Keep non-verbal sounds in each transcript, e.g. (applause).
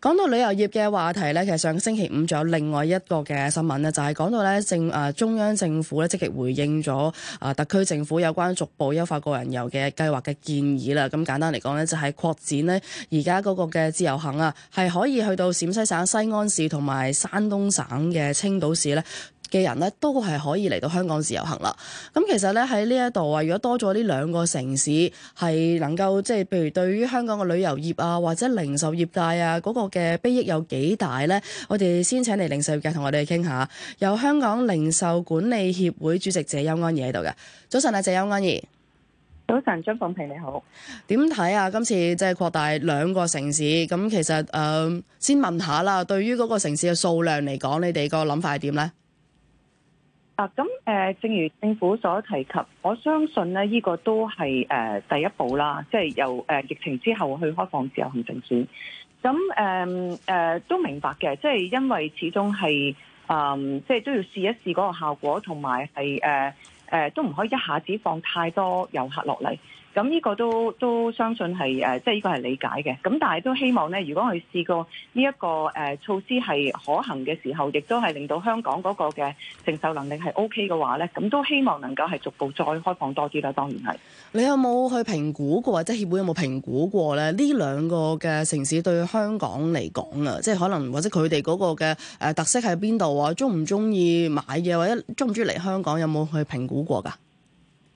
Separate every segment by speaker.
Speaker 1: 講到旅遊業嘅話題呢，其實上星期五仲有另外一個嘅新聞呢，就係、是、講到呢政啊中央政府呢積極回應咗啊特區政府有關逐步優化個人遊嘅計劃嘅建議啦。咁簡單嚟講呢，就係擴展呢而家嗰個嘅自由行啊，係可以去到陝西省西安市同埋山東省嘅青島市呢，嘅人呢，都係可以嚟到香港自由行啦。咁、嗯、其實呢，喺呢一度啊，如果多咗呢兩個城市係能夠即係，譬如對於香港嘅旅遊業啊，或者零售業界啊嗰、那個嘅裨益有幾大呢？我哋先請嚟零售業界同我哋傾下。由香港零售管理協會主席謝邱安儀喺度嘅。早晨啊，謝邱安儀。早晨，張鳳平你好。點睇啊？今次即係擴大兩個城市咁，其實誒、呃、先問下啦。對於嗰個城市嘅數量嚟講，你哋個諗法係點呢？
Speaker 2: 啊，咁、呃、誒，正如政府所提及，我相信咧，依、呢個都係誒、呃、第一步啦，即係由誒、呃、疫情之後去開放自由行政策。咁誒誒都明白嘅，即係因為始終係誒、呃，即係都要試一試嗰個效果，同埋係誒誒都唔可以一下子放太多遊客落嚟。咁呢個都都相信係誒，即係呢個係理解嘅。咁但係都希望咧，如果佢試過呢一個誒措施係可行嘅時候，亦都係令到香港嗰個嘅承受能力係 OK 嘅話咧，咁都希望能夠係逐步再開放多啲啦。當然係，
Speaker 1: 你有冇去評估過，或者協會有冇評估過咧？呢兩個嘅城市對香港嚟講啊，即係可能或者佢哋嗰個嘅誒特色喺邊度啊？中唔中意買嘢，或者中唔中意嚟香港？有冇去評估過㗎？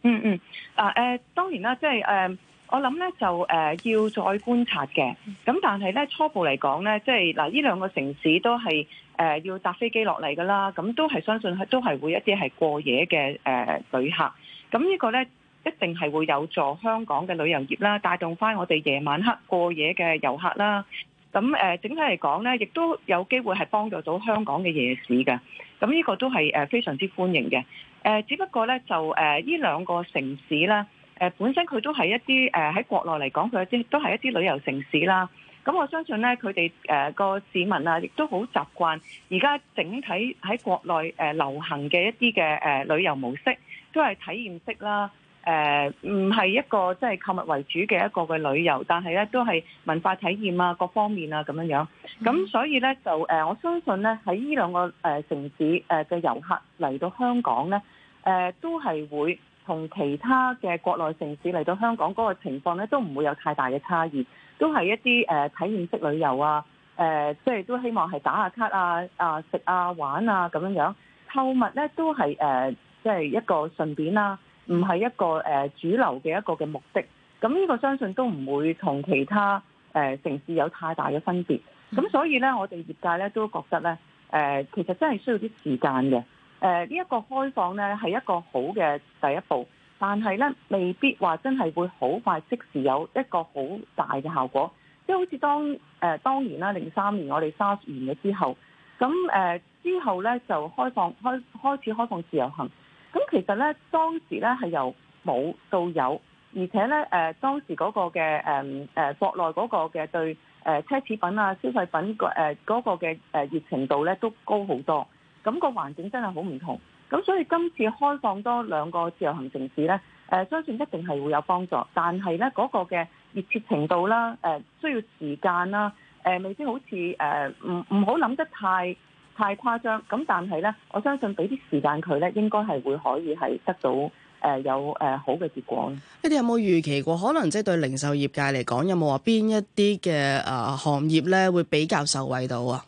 Speaker 2: 嗯嗯，啊誒、呃，當然啦，即係誒，我諗咧就誒、呃、要再觀察嘅，咁但係咧初步嚟講咧，即係嗱，呢、呃、兩個城市都係誒、呃、要搭飛機落嚟㗎啦，咁都係相信都係會一啲係過夜嘅誒、呃、旅客，咁呢個咧一定係會有助香港嘅旅遊業啦，帶動返我哋夜晚黑過夜嘅遊客啦，咁誒、呃、整體嚟講咧，亦都有機會係幫助到香港嘅夜市嘅，咁呢個都係誒、呃、非常之歡迎嘅。誒，只不過咧就誒，呢、呃、兩個城市咧，誒、呃、本身佢都係一啲誒喺國內嚟講，佢啲都係一啲旅遊城市啦。咁我相信咧，佢哋誒個市民啊，亦都好習慣而家整體喺國內誒流行嘅一啲嘅誒旅遊模式，都係體驗式啦。誒、呃，唔係一個即係購物為主嘅一個嘅旅遊，但係咧都係文化體驗啊，各方面啊咁樣樣。咁所以咧就誒、呃，我相信咧喺呢兩個誒城市誒嘅遊客嚟到香港咧。誒都係會同其他嘅國內城市嚟到香港嗰個情況咧，都唔會有太大嘅差異，都係一啲誒體驗式旅遊啊，誒即係都希望係打下卡啊、啊食啊、玩啊咁樣樣，購物咧都係誒即係一個順便啦，唔係一個主流嘅一個嘅目的。咁呢個相信都唔會同其他城市有太大嘅分別。咁所以咧，我哋業界咧都覺得咧，誒其實真係需要啲時間嘅。誒呢一個開放呢係一個好嘅第一步，但係呢未必話真係會好快即時有一個好大嘅效果。即係好似當誒、呃、當年啦，零三年我哋沙士完之後，咁誒、呃、之後呢就開放開開始開放自由行。咁其實呢，當時呢係由冇到有，而且呢，誒、呃、當時嗰個嘅誒誒國內嗰個嘅對誒奢侈品啊、消費品、呃那個誒嗰個嘅誒熱情度呢都高好多。咁、那個環境真係好唔同，咁所以今次開放多兩個自由行城市呢，誒、呃、相信一定係會有幫助。但係呢嗰、那個嘅熱切程度啦，誒、呃、需要時間啦，誒、呃、未知好似誒唔唔好諗得太太誇張。咁但係呢，我相信俾啲時間佢呢，應該係會可以係得到誒、呃、有誒好嘅結果。你
Speaker 1: 哋有冇預期過可能即係對零售業界嚟講，有冇話邊一啲嘅誒行業呢會比較受惠到啊？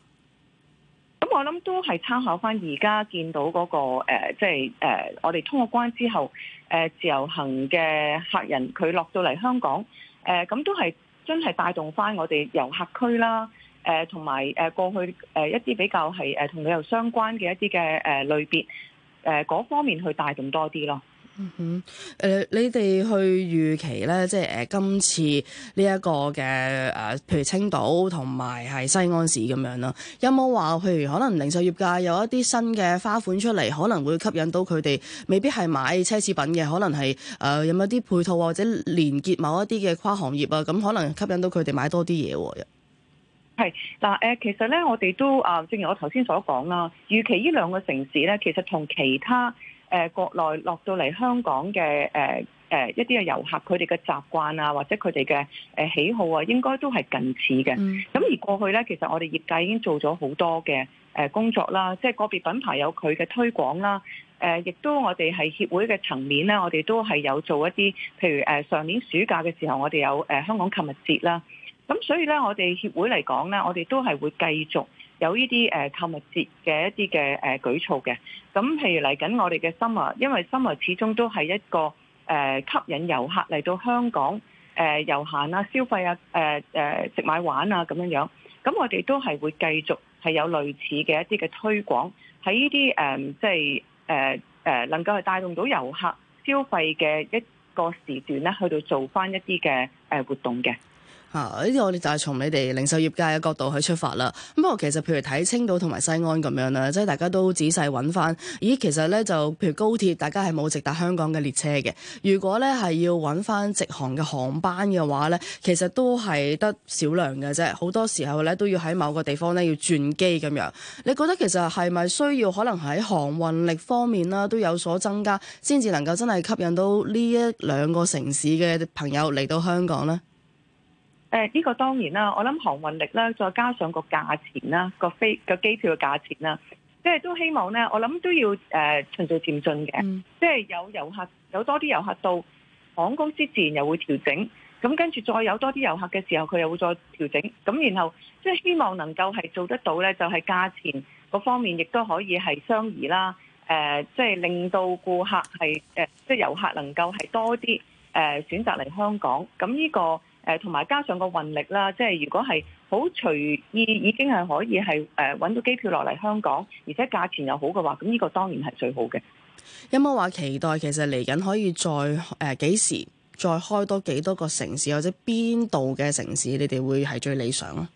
Speaker 2: 我諗都係參考翻而家見到嗰、那個誒，即係誒，我哋通過關之後，誒、呃、自由行嘅客人佢落到嚟香港，誒、呃、咁都係真係帶動翻我哋遊客區啦，誒同埋誒過去誒一啲比較係誒同旅遊相關嘅一啲嘅誒類別，誒、呃、嗰方面去帶動多啲咯。
Speaker 1: 嗯誒、呃，你哋去預期咧，即係誒，今次呢一個嘅誒，譬如青島同埋係西安市咁樣啦，有冇話譬如可能零售業界有一啲新嘅花款出嚟，可能會吸引到佢哋未必係買奢侈品嘅，可能係誒、呃、有冇啲配套或者連結某一啲嘅跨行業啊，咁可能吸引到佢哋買多啲嘢喎？
Speaker 2: 係嗱，誒，其實咧，我哋都啊，正如我頭先所講啦，預期呢兩個城市咧，其實同其他。誒國內落到嚟香港嘅誒一啲嘅遊客，佢哋嘅習慣啊，或者佢哋嘅誒喜好啊，應該都係近似嘅。咁、mm. 而過去呢，其實我哋業界已經做咗好多嘅誒工作啦，即係個別品牌有佢嘅推廣啦。誒，亦都我哋係協會嘅層面呢，我哋都係有做一啲，譬如誒上年暑假嘅時候，我哋有香港購物節啦。咁所以呢，我哋協會嚟講呢，我哋都係會繼續。有呢啲誒購物節嘅一啲嘅誒舉措嘅，咁譬如嚟緊我哋嘅 Summer，因為 Summer 始終都係一個誒吸引遊客嚟到香港誒遊行啊、消費啊、誒誒食買玩啊咁樣樣，咁我哋都係會繼續係有類似嘅一啲嘅推廣喺呢啲誒，即係誒誒能夠係帶動到遊客消費嘅一個時段咧，去到做翻一啲嘅誒活動嘅。
Speaker 1: 呢啲我哋就係從你哋零售業界嘅角度去出發啦。咁不過其實譬如睇青島同埋西安咁樣啦，即係大家都仔細揾翻。咦，其實咧就譬如高鐵，大家係冇直達香港嘅列車嘅。如果咧係要揾翻直航嘅航班嘅話咧，其實都係得少量嘅啫。好多時候咧都要喺某個地方咧要轉機咁樣。你覺得其實係咪需要可能喺航運力方面啦都有所增加，先至能夠真係吸引到呢一兩個城市嘅朋友嚟到香港呢？
Speaker 2: 誒、這、呢個當然啦，我諗航運力啦，再加上個價錢啦，個飛個機票嘅價錢啦，即係都希望咧，我諗都要誒循序漸進嘅、嗯，即係有遊客有多啲遊客到，航空公司自然又會調整，咁跟住再有多啲遊客嘅時候，佢又會再調整，咁然後即係希望能夠係做得到咧，就係、是、價錢嗰方面亦都可以係相宜啦，誒、呃、即係令到顧客係誒、呃、即係遊客能夠係多啲誒、呃、選擇嚟香港，咁呢、這個。誒同埋加上個運力啦，即係如果係好隨意已經係可以係誒搵到機票落嚟香港，而且價錢又好嘅話，咁呢個當然係最好嘅。
Speaker 1: 有冇話期待其實嚟緊可以再誒幾、呃、時再開多幾多個城市，或者邊度嘅城市你哋會係最理想咯？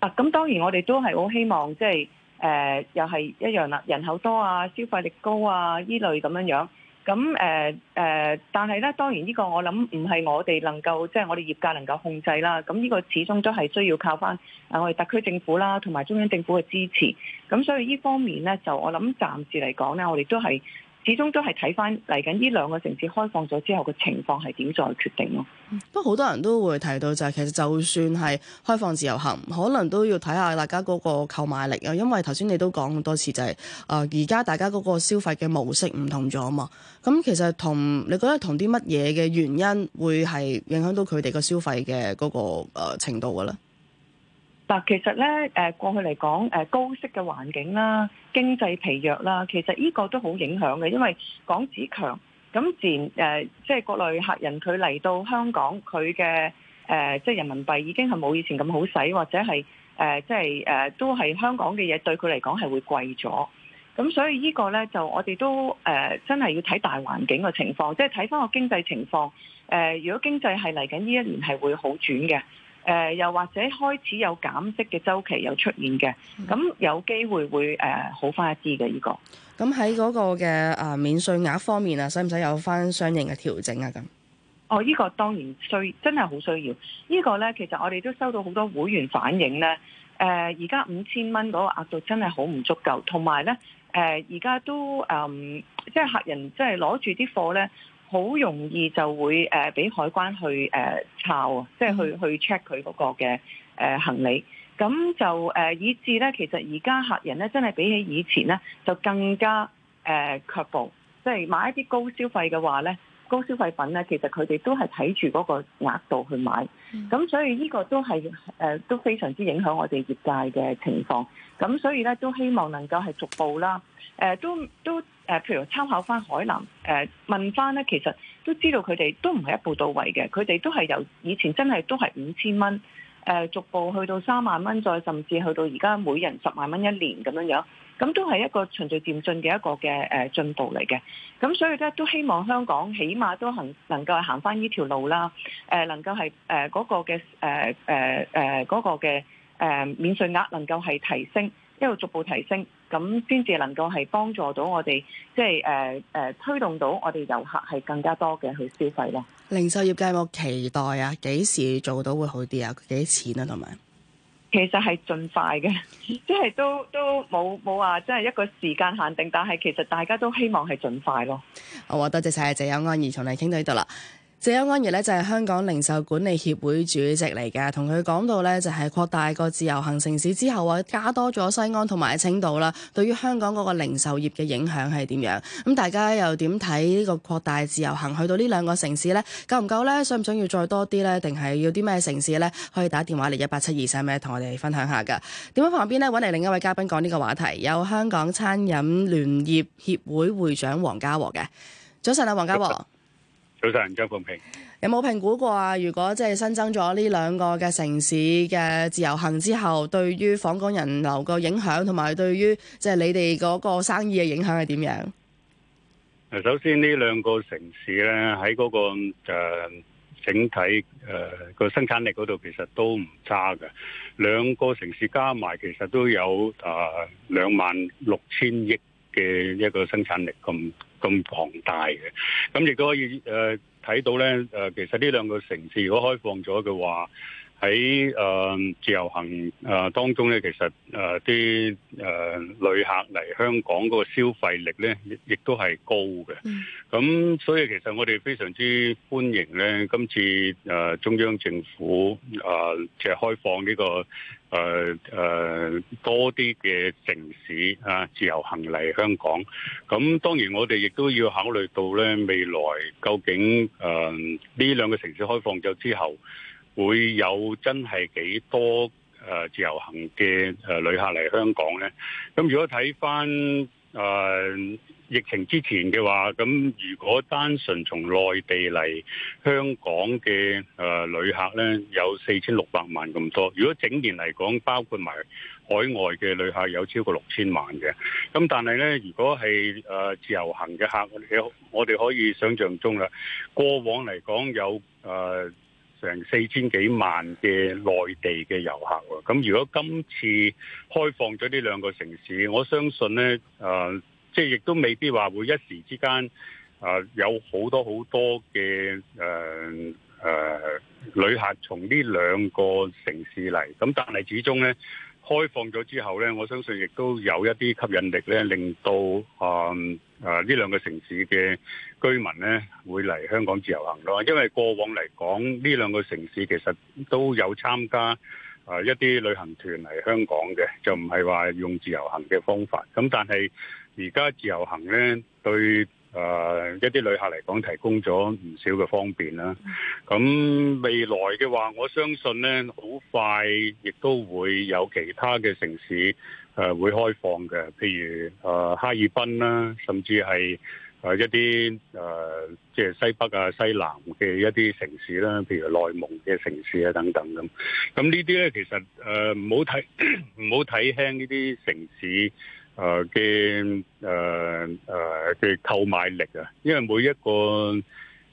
Speaker 2: 啊，咁、嗯、當然我哋都係好希望即係誒、呃、又係一樣啦，人口多啊，消費力高啊依類咁樣樣。咁誒誒，但係咧，當然呢個我諗唔係我哋能夠，即係我哋業界能夠控制啦。咁呢個始終都係需要靠翻我哋特區政府啦，同埋中央政府嘅支持。咁所以呢方面咧，就我諗暫時嚟講咧，我哋都係。始終都係睇翻嚟緊呢兩個城市開放咗之後嘅情況係點再決定咯。
Speaker 1: 不過好多人都會提到就係其實就算係開放自由行，可能都要睇下大家嗰個購買力啊。因為頭先你都講多次就係，誒而家大家嗰個消費嘅模式唔同咗啊嘛。咁其實同你覺得同啲乜嘢嘅原因會係影響到佢哋個消費嘅嗰個誒程度噶啦？
Speaker 2: 嗱，其實咧，誒過去嚟講，誒高息嘅環境啦，經濟疲弱啦，其實呢個都好影響嘅，因為港紙強，咁自然誒，即係國內客人佢嚟到香港，佢嘅誒即係人民幣已經係冇以前咁好使，或者係誒即係誒都係香港嘅嘢對佢嚟講係會貴咗。咁所以呢個咧就我哋都誒真係要睇大環境嘅情況，即係睇翻個經濟情況。誒如果經濟係嚟緊呢一年係會好轉嘅。誒、呃、又或者開始有減息嘅週期有出現嘅，咁有機會會誒好翻一啲嘅呢個。
Speaker 1: 咁喺嗰個嘅啊、呃、免稅額方面啊，使唔使有翻相應嘅調整啊？咁
Speaker 2: 哦，呢、呢個當然需，真係好需要。呢個、呢個咧，其實我哋都收到好多會員反映咧。誒而家五千蚊嗰個額度真係好唔足夠，同埋咧誒而家都嗯、呃，即係客人即係攞住啲貨咧。好容易就會誒俾海關去誒抄啊，即係去去 check 佢嗰個嘅誒行李，咁就誒以致咧，其實而家客人咧真係比起以前咧就更加誒卻步，即係買一啲高消費嘅話咧。高消費品咧，其實佢哋都係睇住嗰個額度去買，咁所以呢個都係誒、呃、都非常之影響我哋業界嘅情況。咁所以咧都希望能夠係逐步啦，誒、呃、都都誒、呃、譬如參考翻海南誒、呃、問翻咧，其實都知道佢哋都唔係一步到位嘅，佢哋都係由以前真係都係五千蚊。誒逐步去到三萬蚊，再甚至去到而家每人十萬蚊一年咁樣樣，咁都係一個循序漸進嘅一個嘅誒進步嚟嘅。咁所以咧都希望香港起碼都行能夠行翻呢條路啦。誒能夠係誒嗰個嘅誒誒嗰個嘅誒免稅額能夠係提升，一路逐步提升。咁先至能夠係幫助到我哋，即係誒誒推動到我哋遊客係更加多嘅去消費咯。
Speaker 1: 零售業界有冇期待啊？幾時做到會好啲啊？幾多錢啊？同埋其實係盡快嘅，
Speaker 2: 即係都都冇冇話即係一個時間限定，但係其實大家都希望係盡快咯。
Speaker 1: 好、哦、啊，多謝晒謝邱安儀，同你傾到呢度啦。謝邱安儀咧就係香港零售管理協會主席嚟嘅，同佢講到咧就係擴大個自由行城市之後啊，加多咗西安同埋青島啦。對於香港嗰個零售業嘅影響係點樣？咁大家又點睇呢個擴大自由行去到呢兩個城市咧？夠唔夠咧？想唔想要再多啲咧？定係要啲咩城市咧？可以打電話嚟一八七二三五，同我哋分享下㗎。點樣旁邊咧搵嚟另一位嘉賓講呢個話題？有香港餐飲聯業協會會長黃家和嘅。早晨啊，黃家和。
Speaker 3: 早晨，張鳳
Speaker 1: 平，有冇評估過啊？如果即係新增咗呢兩個嘅城市嘅自由行之後，對於訪港人流個影響，同埋對於即係你哋嗰個生意嘅影響係點樣？
Speaker 3: 首先呢兩個城市呢，喺嗰個誒整體誒個生產力嗰度，其實都唔差㗎。兩個城市加埋，其實都有誒兩萬六千億嘅一個生產力咁。咁龐大嘅，咁亦都可以誒睇、呃、到咧誒、呃，其實呢兩個城市如果開放咗嘅話，喺誒自由行誒當中咧，其實誒啲誒旅客嚟香港嗰個消費力咧，亦亦都係高嘅。咁所以其實我哋非常之歡迎咧，今次誒中央政府誒即係開放呢、呢個誒誒、啊啊、多啲嘅城市啊，自由行嚟香港。咁當然我哋亦都要考慮到咧，未來究竟誒呢、啊、兩個城市開放咗之後，會有真係幾多誒自由行嘅誒旅客嚟香港呢？咁如果睇返誒疫情之前嘅話，咁如果單純從內地嚟香港嘅誒、呃、旅客呢，有四千六百萬咁多。如果整年嚟講，包括埋海外嘅旅客有超過六千萬嘅。咁但係呢，如果係誒、呃、自由行嘅客，我哋可以想像中啦。過往嚟講有誒。呃成四千幾萬嘅內地嘅遊客喎，咁如果今次開放咗呢兩個城市，我相信呢，誒、呃，即係亦都未必話會一時之間，誒、呃，有好多好多嘅誒誒旅客從呢兩個城市嚟，咁但係始終呢。開放咗之後呢，我相信亦都有一啲吸引力呢，令到、嗯、啊啊呢兩個城市嘅居民呢會嚟香港自由行咯。因為過往嚟講，呢兩個城市其實都有參加啊一啲旅行團嚟香港嘅，就唔係話用自由行嘅方法。咁但係而家自由行呢對誒、呃、一啲旅客嚟講，提供咗唔少嘅方便啦。咁未來嘅話，我相信呢好快亦都會有其他嘅城市誒、呃、會開放嘅，譬如誒、呃、哈爾濱啦，甚至係一啲誒、呃、即係西北啊、西南嘅一啲城市啦，譬如內蒙嘅城市啊等等咁。咁呢啲呢，其實誒唔好睇唔好睇輕呢啲城市。誒嘅誒誒嘅購買力啊，因為每一個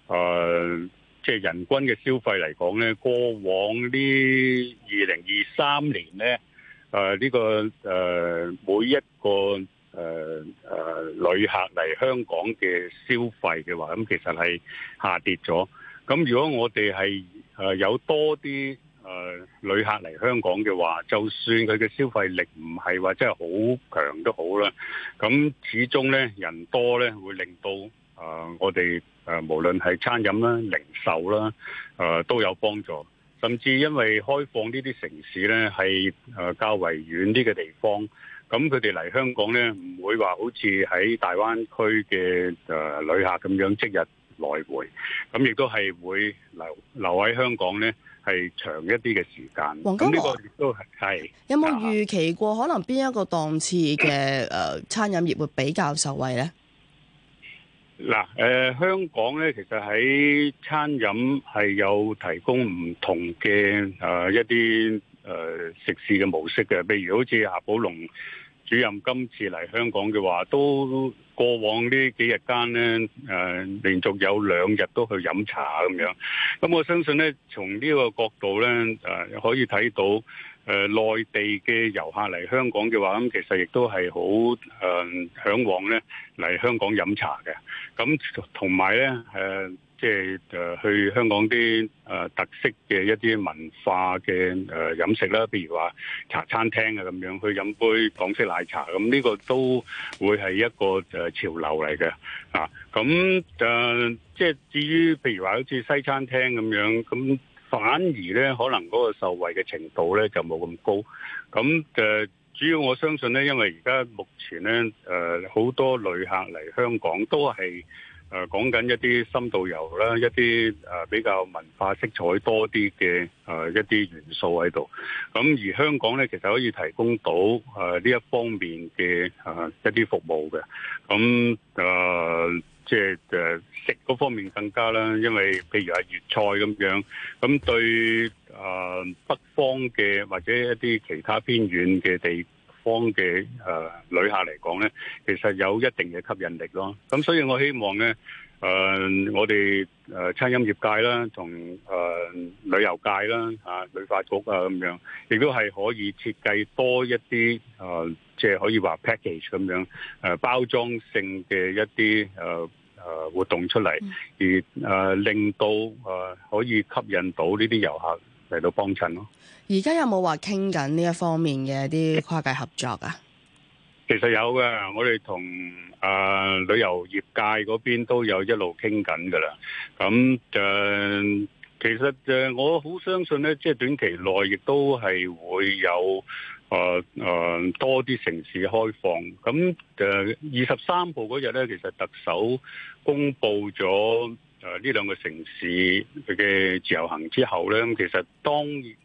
Speaker 3: 誒即係人均嘅消費嚟講咧，過往呢二零二三年咧誒呢個誒、呃、每一個誒誒、呃呃呃、旅客嚟香港嘅消費嘅話，咁其實係下跌咗。咁如果我哋係誒有多啲。誒、呃、旅客嚟香港嘅話，就算佢嘅消費力唔係話真係好強都好啦。咁始終呢，人多呢會令到誒、呃、我哋誒、呃、無論係餐飲啦、零售啦誒、呃、都有幫助。甚至因為開放呢啲城市呢係誒較為遠啲嘅地方，咁佢哋嚟香港呢唔會話好似喺大灣區嘅誒、呃呃、旅客咁樣即日來回，咁亦都係會留留喺香港呢。係長一啲嘅時間，黃金，呢個亦都係
Speaker 1: 有冇預期過可能邊一個檔次嘅誒餐飲業會比較受惠咧？
Speaker 3: 嗱，誒、 (coughs) 呃，香港咧其實喺餐飲係有提供唔同嘅誒、呃、一啲誒、呃、食肆嘅模式嘅，譬如好似阿寶龍。主任今次嚟香港嘅話，都過往這幾呢幾日間咧，連續有兩日都去飲茶咁樣。咁我相信咧，從呢個角度咧，可以睇到，誒、呃、內地嘅遊客嚟香港嘅話，咁其實亦都係好誒向往咧嚟香港飲茶嘅。咁同埋咧，即係誒去香港啲誒特色嘅一啲文化嘅誒飲食啦，譬如話茶餐廳啊咁樣去飲杯港式奶茶，咁呢個都會係一個誒潮流嚟嘅啊。咁誒即係至於譬如話好似西餐廳咁樣，咁反而咧可能嗰個受惠嘅程度咧就冇咁高。咁誒主要我相信咧，因為而家目前咧誒好多旅客嚟香港都係。誒講緊一啲深度遊啦，一啲誒比較文化色彩多啲嘅誒一啲元素喺度。咁而香港呢，其實可以提供到誒呢一方面嘅誒一啲服務嘅。咁誒即係食嗰方面更加啦，因為譬如係粵菜咁樣，咁對誒北方嘅或者一啲其他偏遠嘅地。方嘅誒、呃、旅客嚟講咧，其實有一定嘅吸引力咯。咁所以我希望咧，誒、呃、我哋誒、呃、餐飲業界啦，同誒、呃、旅遊界啦，嚇、啊、旅發局啊咁樣，亦都係可以設計多一啲誒，即、呃、係可以話 package 咁樣誒、呃、包裝性嘅一啲誒誒活動出嚟、嗯，而誒、呃、令到誒、呃、可以吸引到呢啲遊客。嚟到幫襯咯，
Speaker 1: 而家有冇話傾緊呢一方面嘅啲跨界合作啊？
Speaker 3: 其實有嘅，我哋同誒旅遊業界嗰邊都有一路傾緊㗎喇。咁、嗯、誒、呃，其實誒、呃，我好相信咧，即係短期內亦都係會有誒誒、呃呃、多啲城市開放。咁、嗯、誒，二十三號嗰日咧，其實特首公佈咗。誒、啊、呢兩個城市嘅自由行之後呢，咁其實當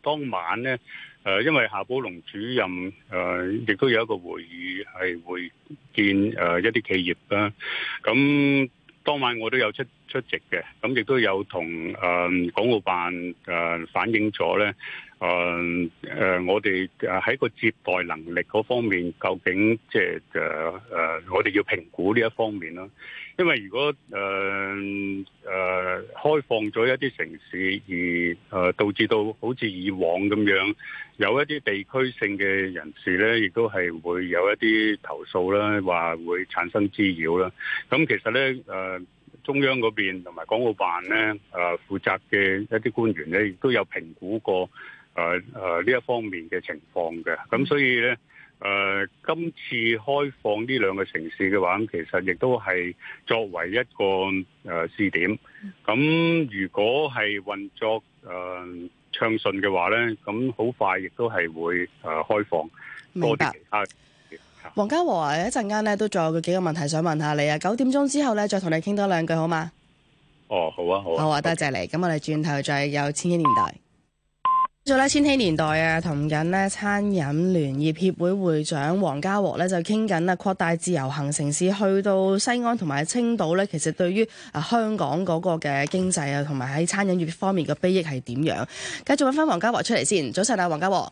Speaker 3: 當晚呢，誒、啊、因為夏寶龍主任誒亦、啊、都有一個會議係會見誒、啊、一啲企業啦，咁當晚我都有出。出席嘅，咁亦都有同誒、呃、港澳辦誒、呃、反映咗咧，誒、呃呃、我哋喺個接待能力嗰方面，究竟即係、呃呃、我哋要評估呢一方面咯。因為如果誒誒、呃呃、開放咗一啲城市，而誒、呃、導致到好似以往咁樣，有一啲地區性嘅人士咧，亦都係會有一啲投訴啦，話會產生滋擾啦。咁其實咧誒，呃中央嗰邊同埋港澳辦咧，誒、啊、負責嘅一啲官員咧，亦都有評估過誒誒呢一方面嘅情況嘅。咁所以咧，誒、啊、今次開放呢兩個城市嘅話，咁其實亦都係作為一個誒試、啊、點，咁如果係運作誒暢順嘅話咧，咁好快亦都係會誒開放多啲其他。
Speaker 1: 黃家和啊，一陣間咧都仲有佢幾個問題想問下你啊，九點鐘之後咧再同你傾多兩句好嘛？哦，
Speaker 3: 好啊，好啊，好啊，
Speaker 1: 多謝你。咁我哋轉頭再有千禧年代。咁所千禧年代啊，同緊呢，餐飲聯業協會會長黃家和咧就傾緊啊擴大自由行城市，去到西安同埋青島咧，其實對於啊香港嗰個嘅經濟啊，同埋喺餐飲業方面嘅裨益係點樣？繼續揾翻黃家和出嚟先。早晨啊，黃家和。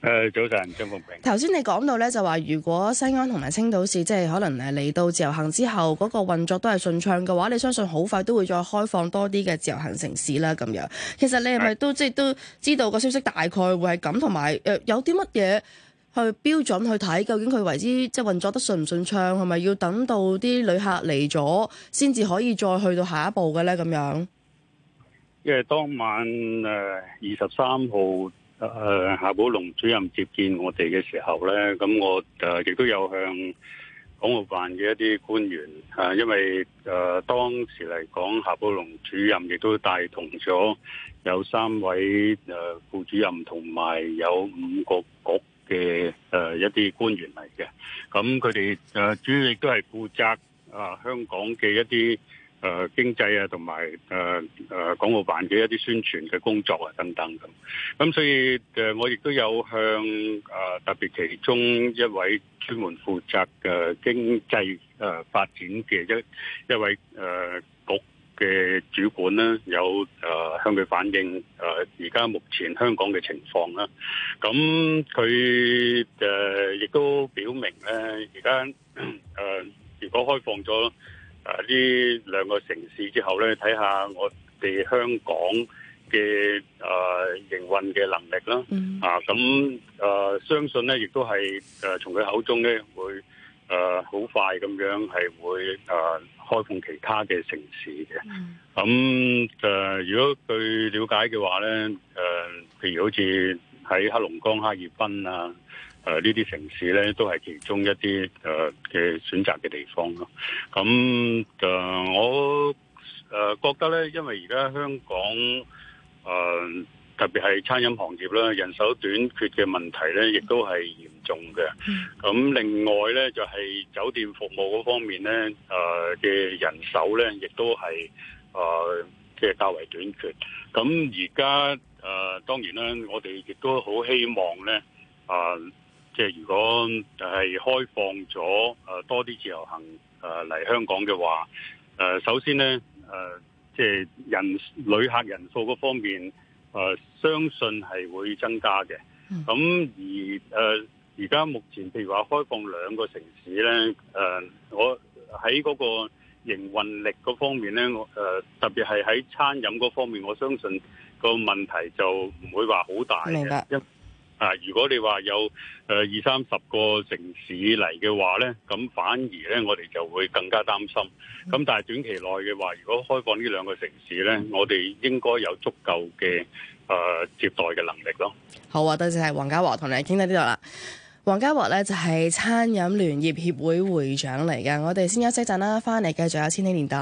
Speaker 3: 誒，早晨，張鳳明。
Speaker 1: 頭先你講到咧，就話如果西安同埋青島市，即係可能嚟到自由行之後，嗰個運作都係順暢嘅話，你相信好快都會再開放多啲嘅自由行城市啦。咁樣，其實你係咪都即係都知道個消息大概會係咁，同埋誒有啲乜嘢去標準去睇，究竟佢為之即係運作得順唔順暢，係咪要等到啲旅客嚟咗先至可以再去到下一步嘅咧？咁樣，
Speaker 3: 因為當晚誒二十三號。誒，夏寶龍主任接見我哋嘅時候呢，咁我誒亦都有向港澳辦嘅一啲官員，誒，因為誒當時嚟講，夏寶龍主任亦都帶同咗有三位誒副主任，同埋有五個局嘅誒一啲官員嚟嘅，咁佢哋誒主要亦都係負責啊香港嘅一啲。誒、啊、經濟啊，同埋誒誒港澳辦嘅一啲宣傳嘅工作啊，等等咁。咁所以誒，我亦都有向啊特別其中一位專門負責誒、啊、經濟誒、啊、發展嘅一一位誒、啊、局嘅主管咧、啊，有誒、啊、向佢反映誒而家目前香港嘅情況啦、啊。咁佢誒亦都表明咧，而家誒如果開放咗。啊！呢兩個城市之後咧，睇下我哋香港嘅啊營運嘅能力啦。Mm-hmm. 啊咁啊，相信咧亦都係誒、啊、從佢口中咧會誒好、啊、快咁樣係會誒、啊、開放其他嘅城市嘅。咁、mm-hmm. 誒、啊，如果據了解嘅話咧，誒、啊、譬如好似喺黑龍江、哈爾濱啊。誒呢啲城市呢都係其中一啲誒嘅選擇嘅地方咯。咁誒我誒覺得呢，因為而家香港誒特別係餐飲行業啦，人手短缺嘅問題呢亦都係嚴重嘅。咁另外呢，就係酒店服務嗰方面呢誒嘅人手呢亦都係即係較為短缺。咁而家誒當然啦，我哋亦都好希望呢。誒。即係如果係開放咗，誒多啲自由行誒嚟香港嘅話，誒首先咧，誒即係人旅客人數嗰方面，誒相信係會增加嘅。咁而誒而家目前譬如話開放兩個城市咧，誒我喺嗰個營運力嗰方面咧，我誒特別係喺餐飲嗰方面，我相信個問題就唔會話好大嘅。啊！如果你話有誒二三十個城市嚟嘅話呢咁反而呢，我哋就會更加擔心。咁但係短期內嘅話，如果開放呢兩個城市呢，我哋應該有足夠嘅誒、呃、接待嘅能力咯。
Speaker 1: 好啊，多謝黃家和同你傾到呢度啦。黃家和呢，就係餐飲聯業協會會,會長嚟嘅。我哋先休息陣啦，翻嚟繼續有千禧年代。